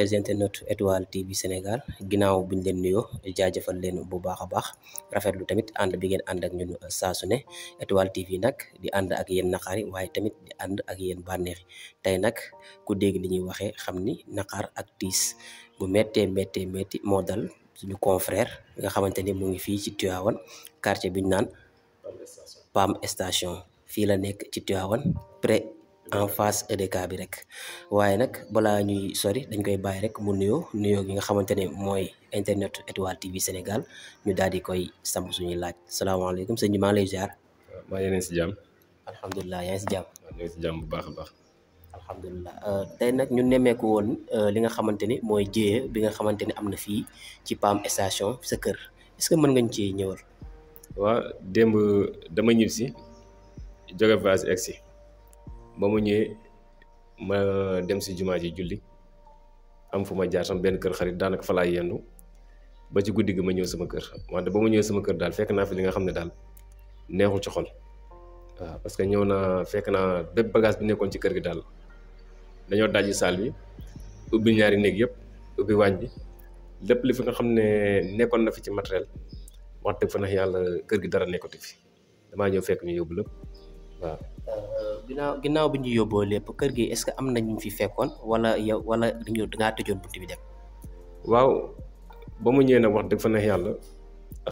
les internautes étoile TV Sénégal ginnaaw buñ leen nuyoo jaajëfal leen bu baax a baax rafetlu tamit ànd bi ngeen ànd ak ñun saa su ne étoile TV nag di ànd ak yéen naqari waaye tamit di ànd ak yéen bànneexi tey nag ku dégg li ñuy waxee xam ni naqar ak tiis bu méttee méttee métti moo dal suñu confrère nga xamante ni mu ngi fii ci Tivaouane quartier bi ñu naan PAM station fii nekk ci Tivaouane près en face EDK bi rek waaye nag balaa ñuy sori dañ koy bàyyi rek mu nuyoo nuyoo gi nga xamante ne mooy internet Étoile TV Sénégal ñu daal di koy samp suñuy laaj salaamaaleykum sëñ bi maa lay jaar maa ngi si jàmm. alhamdulilah yaa si jàmm. bu baax baax. alhamdulilah euh, tey nag ñu nemmeeku woon euh, li nga xamante ni mooy jéye bi nga xamante ni am na fii ci PAM station sa kër est-ce que mën ngañ ci ñëwal. waaw dama ñib si jóge voyage egg si ba mu ñëwee ma dem si jumaa ji julli am fu ma jaar sama benn kër xarit daanaka fa laay yendu ba ci guddi gi ma ñëw sama kër wante ba ma ñëwee sama kër daal fekk naa fi li nga xam ne daal neexul ci xol waaw parce que ñëw naa fekk naa bépp bagage bi nekkoon ci kër gi daal dañoo dajji saal bi ubbi ñaari néeg yëpp ubbi waañ bi lépp li fi nga xam ne nekkoon na fi ci matériel wax dëgg fa nax yàlla kër gi dara nekkati fi damaa ñëw fekk ni yóbbu lépp waaw. Euh, ginnaaw ginnaaw bi ñu yóbboo lépp kër gi est-ce que am nañ fi fekkoon wala yow wala dañu dangaa tëjoon bunt bi dem. waaw ba mu ñëwee nag wax dëgg fa neex yàlla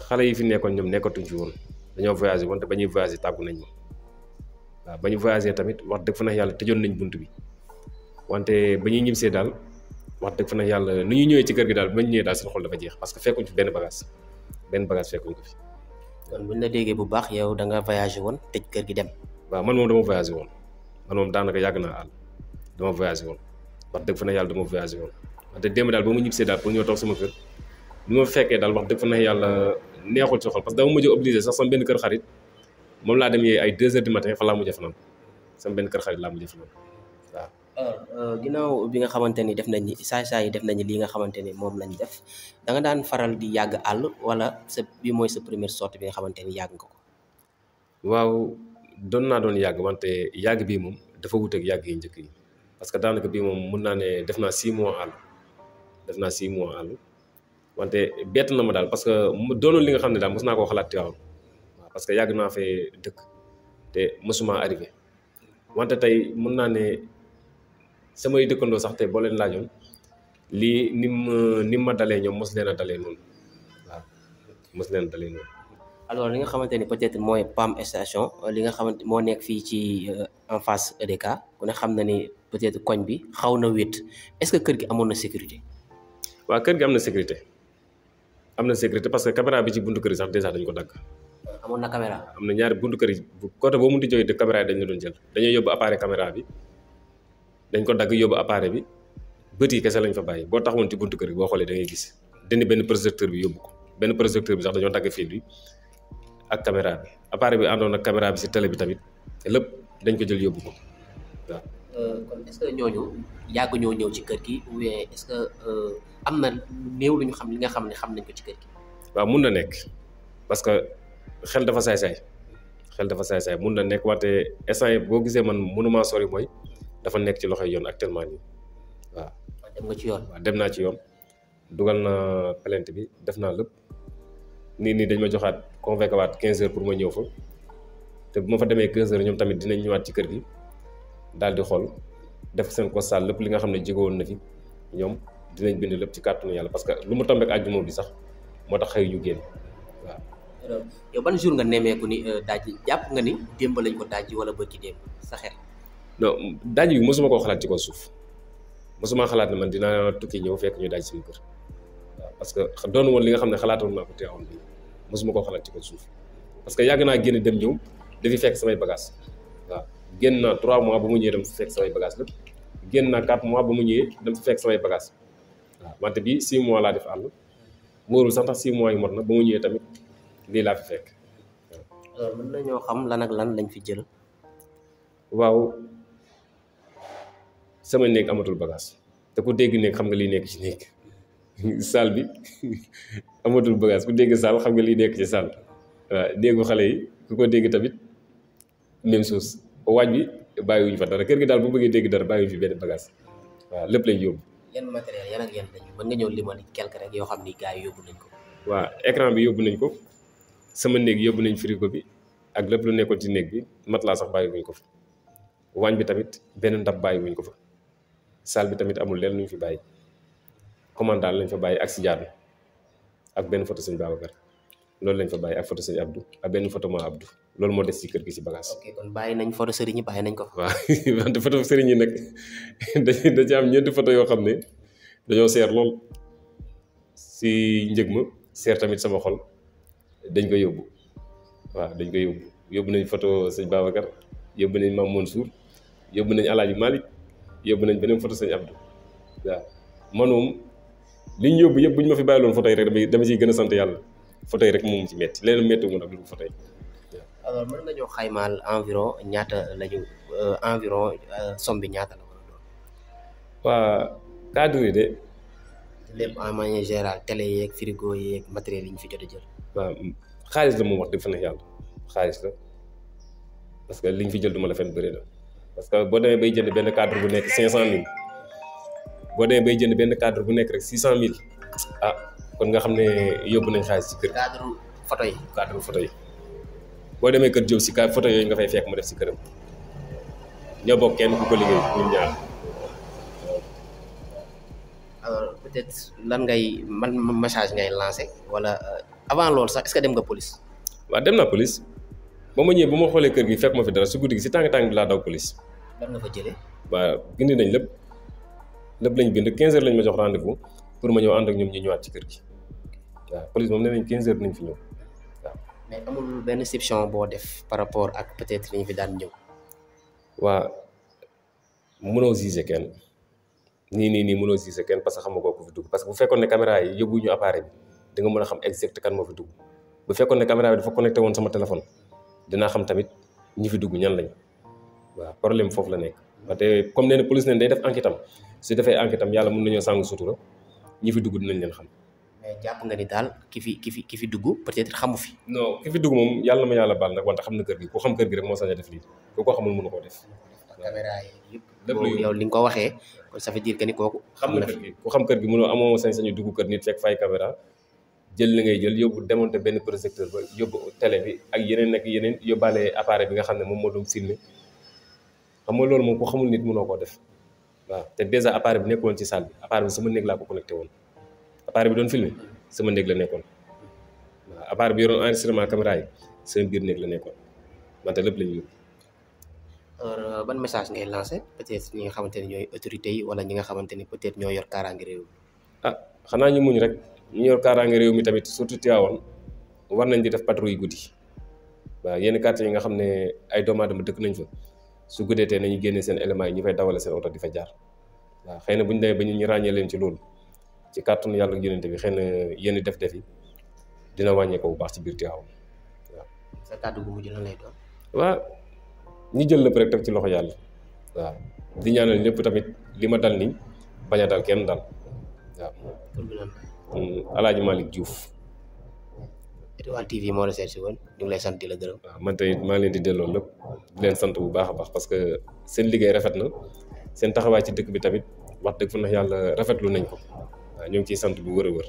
xale yi fi nekkoon ñoom nekkatuñ fi woon dañoo voyagé wante ba ñuy voyagé tàggu nañ ma ba ñu voyagé tamit wax dëgg fa neex yàlla tëjoon nañ bunt bi wante ba ñuy ñibsee daal wax dëgg fa neex yàlla nu ñuy ñëwee ci kër gi daal ba ñu ñëwee daal seen xol dafa jeex parce que fekkuñ fi benn bagage benn bagage fekkuñ ko fi. kon buñ la déggee bu baax yow da nga voyagé woon tëj kër gi dem. waaw man moom dama voyagé woon man moom daanaka yàgg naa àll dama voyagé woon wax dëgg fa na yàlla dama voyagé woon wax dëgg démb daal ba ma ñibbisee daal pour ñëw toog sama kër ni ma fekkee daal wax dëgg fa na yàlla neexul ci xol parce que dama mujj obligé sax sama benn kër xarit moom laa dem yee ay deux heures du matin fa laa mujj fanaan sama benn kër xarit laa mujj fanaan waaw euh, ginnaaw bi nga xamante ni def nañ saay-saay yi def nañu lii nga xamante ni moom lañ def danga daan faral di yàgg àll wala sa mooy sa première sortie bi nga xamante ni yàgg nga ko doon naa doon yàgg wante yàgg bii moom dafa wut yàgg yi njëkk yi parce que daanaka bii moom mun naa ne def naa six mois àll def naa six àll wante bett na ma daal parce que doonul li nga xam ne daal mos naa koo xalaat waaw parce que yàgg naa dëkk te mosuma arrivé wante tey mun naa ne samay dëkkandoo sax tey boo leen lii ni ma ni ma dalee ñoom mos a dalee noonu waaw mos leen a dalee noonu. alors li nga xamanteni peut-être mooy PAM station li nga xamante moo nekk fii ci euh, en face edeka ku ne xam na ni peut-être koñ bi xaw na wéet est-ce que kër gi amoon na sécurité. waaw kër gi am na sécurité am na sécurité parce que caméra bi ci buntu kër yi sax déjà dañ ko dagg. amoon na caméra. am na ñaari buntu kër yi bu côté boo mënut a jógee caméra yi dañ la doon jël dañoo yóbbu appareil caméra bi dañ ko dagg yóbbu appareil bi bët yi kese lañ fa bàyyi boo taxawoon ci buntu kër yi boo xoolee da ngay gis dindi benn projecteur bi yóbbu ko benn projecteur bi sax dañoo dagg fil bi. ak caméra bi appareil bi àndoon ak caméra bi si télé bi tamit lépp dañ ko jël yóbbu ko waaw. Euh, kon est-ce que ñooñu yàgg ñoo ñëw ci kër gi ou bien est euh, am na néew lu ñu xam li nga xam ne xam nañ ko ci kër mun na nekk parce que xel dafa saay-saay xel dafa saay-saay mun na nekk wante instant boo gisee man mënumaa sori mooy dafa nekk ci loxo yoon actuellement nii waaw. dem nga ci yoon dem naa ci yoon dugal na plainte bi def naa lépp. nii nii dañ ma joxaat convoqué waat 15 heures pour ma ñëw fa te bu ma fa demee 15 heures ñoom tamit dinañ ñëwaat ci kër gi daal di xool def seen constat lépp li nga xam ne jégowoon na fi ñoom dinañ bind lépp ci kàttanu yàlla parce que lu mu tombé ak àjjuma bi sax moo tax xëy ñu génn waaw. yow ban jour nga nemmeeku ni euh, daaj jàpp nga ni démb lañ ko daaj wala ba ci démb sa xel. non daaj bi mosuma koo xalaat ci kaw suuf mosuma xalaat ne man dinaa tukki ñëw fekk ñu daaj suñu kër. parce que doon woon li nga xam ne xalaatoon naa ko teewoon bi mosuma koo xalaat ci ko suuf parce que yàgg naa génn dem ñëw dafi fekk samay bagas? waaw génn naa 3 mois ba mu ñëwee dem fi fekk samay bagage lépp génn naa 4 mois ba mu ñëwee dem fi fekk samay bagage waaw wante bi 6 mois laa def àll wóorul sax tax 6 mois yi mot na ba mu ñëwee tamit lii laa fi fekk waaw euh, mën nañoo xam lan ak lan lañ fi jël waaw sama néeg amatul bagage te ku dégg néeg xam nga liy nekk ci néeg salle bi amatul bagage ku dégg salle xam nga liy nekk ci salle waaw déggu xale yi ku ko dégg tamit même chose waaj bi bàyyiwuñu fa dara kër gi daal bu bëggee dégg dara bàyyiwuñu fi benn bagage waaw lépp lañ yóbbu. nga ñëw limal quelque rek xam ni gars yi ko. waaw écran bi yóbbu nañ ko sama néeg yóbbu nañ ko bi ak lépp lu nekkoon ci néeg bi matelas sax bàyyiwuñ ko fa waañ bi tamit benn ndab bàyyiwuñ ko fa salle bi tamit amul lenn lu ñu fi bàyyi. commandant lañ fa bàyyi ak si jaadu ak benn photo sëñ Babacar loolu lañ fa bàyyi ak foto sëñ Abdou ak benn foto maa Abdou loolu moo des si kër gi si bagage. ok kon bàyyi nañ photo sëriñ yi ko fa. waaw wante photo sëriñ yi nag dañuy da yoo xam ne dañoo seer lool njëg ma seer tamit sama xol dañ ko yóbbu dañ ko yóbbu yóbbu nañ photo sëñ Babacar yóbbu nañ Mame Mansour yóbbu nañ El Hadj Malick yóbbu nañ beneen photo sëñ li ñu yóbbu yëpp bu ñu ma fi bàyyi loon fa tey rek dama sant yàlla fa rek moom ci metti leneen métti wu ma nag lu fa tey alors mën xaymaal environ ñaata lañu euh, environ euh, somme bi ñaata la war yi de. lépp en manière générale télé yeeg frigo yeeg yi ñu fi jot jël. xaalis la moom wax dëgg fa ne xaalis la parce que liñ fi jël duma la fen bëri la parce que boo demee bay jënd benn cadre bu nekk cinq cent mille boo demee bay jënd benn cadre bu nekk rek 600000 ah kon nga xam ne yóbbu nañ xaalis si kër. cadre photo foto yi boo demee kër Diop si ka photo yooyu nga fay fekk mu def si këram ñoo bokk kenn ku ko liggéey ñun ñaar. alors lan ngay man message ngay lancé wala euh, avant lool sax est-ce que dem nga police. waaw dem naa police ba ma ñëwee ba ma xoolee kër gi fekk ma fi dara su guddi gi si tàng tàng bi laa daw police. lan nga fa jëlee. waaw gindi nañ lépp. lépp lañ bind 15 heures lañ ma jox rendez-vous pour ma ñëw ànd ak ñoom ñu ñëwaat ci kër gi waaw police moom nee nañ fi ñëw waaw. mais amul benn exception boo def par rapport ak peut-être li fi daan ñëw. waa mënoo gisé kenn nii nii nii mënoo gisé kenn parce que xam ma ko fi dugg parce que bu fekkoon ne caméra yi yóbbu ñu appareil bi da nga mën a xam exact kan moo fi dugg bu fekkoon ne caméra bi dafa connecté woon sama téléphone dinaa xam tamit ñi fi dugg ñan lañ waaw problème foofu la nekk. wante comme nee na police ne day def enquête am su defee enquête am yàlla mën nañoo sàng sutura ñi fi dugg dinañ leen xam. mais jàpp nga ni daal ki fi ki fi ki fi dugg peut-être xamu fi. non ki fi moom yàlla ma yàlla baal nag wante xam na kër gi ku xam kër gi rek moo sañ def lii ku ko xamul mënu koo def. caméra yi yëpp yow li ko waxee kon ça veut dire ni kooku. xam na kër gi xam kër gi mënoo amoo sañ-sañu kër nit fekk fay caméra jël li ngay jël yóbbu démonté benn projecteur ba yóbbu télé bi ak yeneen ak yeneen yóbbaale appareil bi nga xam ne moom moo doon filmé xam nga loolu moom ko xamul nit mënoo koo def waaw te dèjà appareil bi nekkoon ci salle bi appareil bi sama néeg laa ko connecté woon appareil bi doon filmé sama néeg la nekkoon waaw appareil bi yoroon enregistrement caméra yi sama biir néeg la nekkoon wante lépp la ñu alors euh, ban message ngay lancé peut-être ñi nga xamante ne ñooy autorités yi wala ñi nga xamante ni peut-être ñoo yor kaaraange réew mi. ah xanaa ñu muñ rek ñu yor kaaraange réew mi tamit surtout Tivaouane war nañ di def patrouille guddi waaw yenn quartier yi nga xam ne ay doomu aadama dëkk nañ fa. su guddeetee nañu génne seen éléments yi ñu fay dawale seen oto di fa jaar waaw xëy na bu ñu demee ba ñu ràññee leen ci loolu ci kàttanu yàlla ak yonent bi xëy na yenn def-def yi dina wàññee ko bu baax ci biir Tiwaawan waaw. sa kàddu ñu jël lépp rek teg ci loxo yàlla waaw di ñaanal ñëpp tamit li ma dal nii bañ a dal kenn dal waaw. Mm, Alaaji Malick Diouf. Étoile TV moo la seet si woon ñu lay sant di la gërëm. waaw man tamit maa ngi leen di delloo lépp di leen sant bu baax a baax parce que seen liggéey rafet na seen taxawaay ci dëkk bi tamit wax dëgg fa na yàlla rafetlu nañ ko waaw ñu ngi ciy sant bu wër a wër.